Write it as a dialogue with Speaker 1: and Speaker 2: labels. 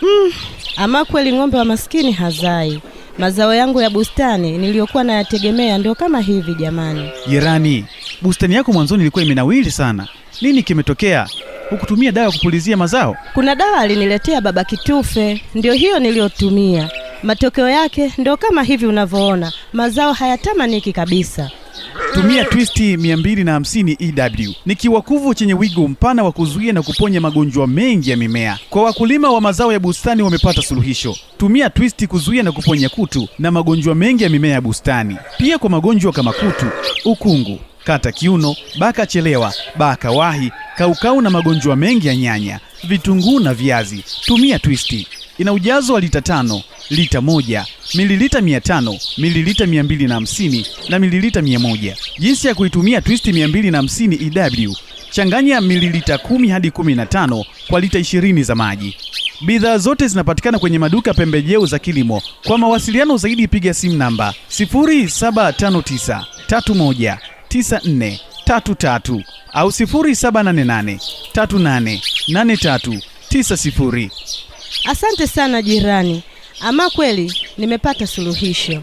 Speaker 1: Hmm, ama kweli ng'ombe wa maskini hazai. Mazao yangu ya bustani niliyokuwa nayategemea ndio kama hivi jamani.
Speaker 2: Jirani, bustani yako mwanzoni ilikuwa imenawili sana, nini kimetokea? Hukutumia dawa ya kupulizia mazao?
Speaker 1: Kuna dawa aliniletea baba Kitufe, ndio hiyo niliyotumia. Matokeo yake ndio kama hivi unavyoona, mazao hayatamaniki kabisa.
Speaker 2: Tumia twisti 250 EW ni kiwakuvu chenye wigo mpana wa kuzuia na kuponya magonjwa mengi ya mimea. Kwa wakulima wa mazao ya bustani wamepata suluhisho. Tumia twisti kuzuia na kuponya kutu na magonjwa mengi ya mimea ya bustani, pia kwa magonjwa kama kutu, ukungu, kata kiuno, baka chelewa, baka wahi, kaukau na magonjwa mengi ya nyanya, vitunguu na viazi. Tumia twisti. Ina ujazo wa lita tano, lita moja mililita 500, mililita 250 na mililita 100. Jinsi ya kuitumia Twist 250 EW. Changanya mililita 10 hadi 15 kwa lita 20 za maji. Bidhaa zote zinapatikana kwenye maduka pembejeo za kilimo. Kwa mawasiliano zaidi, piga simu namba 0759 au 0788 90.
Speaker 1: Asante sana jirani. Ama kweli nimepata suluhisho.